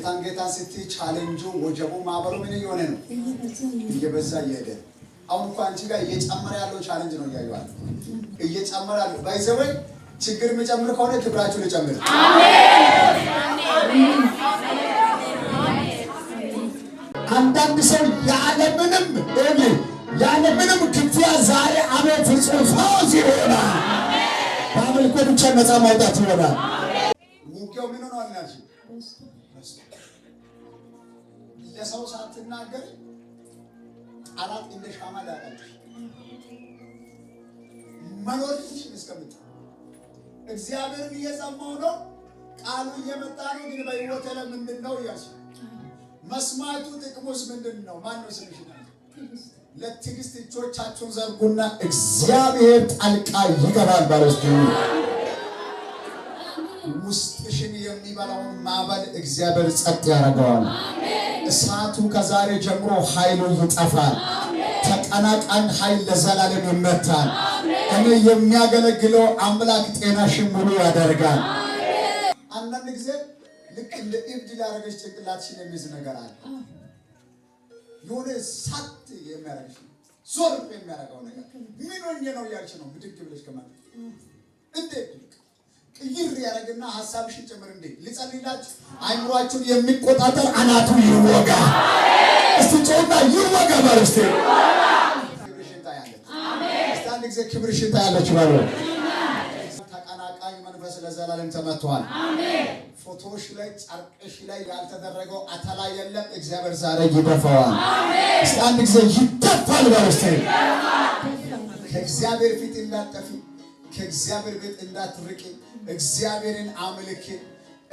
ጌታን ጌታን ስትይ ቻሌንጁ ወጀቡ ማዕበሉ ምን እየሆነ ነው? እየበዛ እየሄደ አሁን እኮ አንቺ ጋር እየጨመረ ያለው ቻሌንጅ ነው እያየዋል። እየጨመረ ያለው ባይዘወይ ችግር የሚጨምር ከሆነ ክብራችሁን ልጨምር። አንዳንድ ሰው ያለምንም እልህ ያለምንም ክፍያ ዛሬ አሜን ፍጹም ፈውስ ይሆናል። በአምልኮ ብቻ ነፃ ማውጣት ይሆናል። ውጊያው ምን ሆኗል ናቸው ለሰው ሳትናገር አራት እንደ ሻማ ዳራለሽ እስከምት እግዚአብሔርን ነው፣ ቃሉ እየመጣ ነው። ግን ምንድን ነው እያሱ መስማቱ ጥቅሙስ ምንድን ነው? ማን ነው እጆቻችሁን ዘርጉና እግዚአብሔር ጣልቃ ይገባል። ውስጥሽ የሚበላውን ማዕበል እግዚአብሔር ጸጥ ያደርገዋል። እሳቱ ከዛሬ ጀምሮ ኃይሉ ይጠፋል። ተቀናቃኝ ኃይል ለዘላለም ይመታል። እኔ የሚያገለግለው አምላክ ጤናሽን ሙሉ ያደርጋል። አንዳንድ ጊዜ ልክ እንደ እብድ ሊያደርገሽ ጭንቅላትሽን የሚይዝ ነገር አለ። የሆነ ሳት የሚያደርግሽ ዞር የሚያደርገው ነገር ምን ሆኜ ነው እያልሽ ነው ብድግ ብለሽ ከማለት እንዴት ቅይር ያደረግና ሀሳብሽን ጭምር እንዴ ልጸልላችሁ። አይምሯችሁን የሚቆጣጠር አናቱ ይወጋ። እስቲ ጮና ይወጋ ባለስቴ አንድ ጊዜ ክብር ሽጣ ያለች ባለ ተቀናቃኝ መንፈስ ለዘላለም ተመቷል። ፎቶሽ ላይ ጨርቅሽ ላይ ያልተደረገው አተላ የለም። እግዚአብሔር ዛሬ ይደፋዋል። እስቲ አንድ ጊዜ ይደፋል ባለስቴ ከእግዚአብሔር ፊት እንዳጠፊ ከእግዚአብሔር ቤት እንዳትርቂ እግዚአብሔርን አምልክ።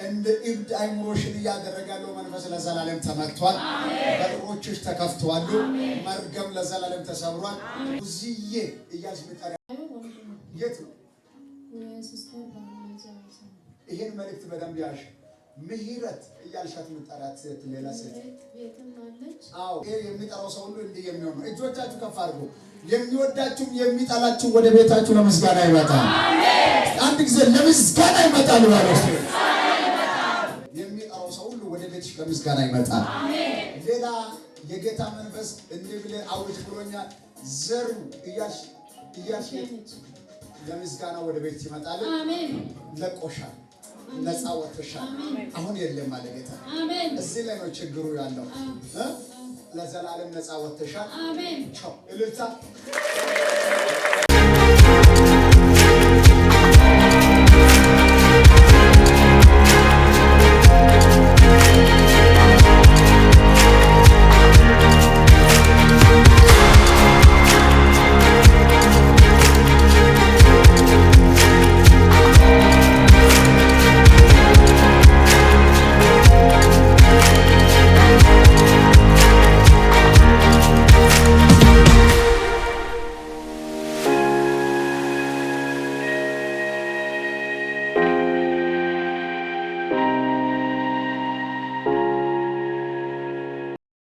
እንደ እብድ አይምሮሽን እያደረገ መንፈስ ለዘላለም ተመክቷል። በሮችሽ ተከፍተዋል። መርገም ለዘላለም ተሰብሯል። ብዙዬ እያልሽ ምጠሪ የት ነው? ይህን መልእክት በደንብ ያሽ ምህረት እያልሻት የምጠራት ሴት ሌላ ሴት አዎ፣ ይሄ የሚጠራው ሰው ሁሉ እንዲህ የሚሆን እጆቻችሁ ከፍ አድርጎ የሚወዳችሁም የሚጠላችሁ ወደ ቤታችሁ ለምስጋና ይመጣል። አንድ ጊዜ ለምስጋና ይመጣል ማለት ነው። የሚጠራው ሰው ሁሉ ወደ ቤትሽ ለምስጋና ይመጣል። ሌላ የጌታ መንፈስ እንዲህ ብለህ አውጅ ብሎኛል። ዘሩ እያልሽ ለምስጋና ወደ ቤት ይመጣል። ለቆሻል ነፃ ወጥተሻል። አሁን የለም አለ ጌታ። እዚህ ላይ ነው ችግሩ ያለው። ለዘላለም ነፃ ወጥተሻል። ቻው እልልታ